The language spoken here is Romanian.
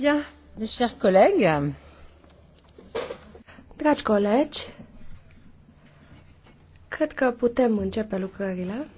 Bien, mes chers collègues, dragi colegi, cred că putem începe lucrările.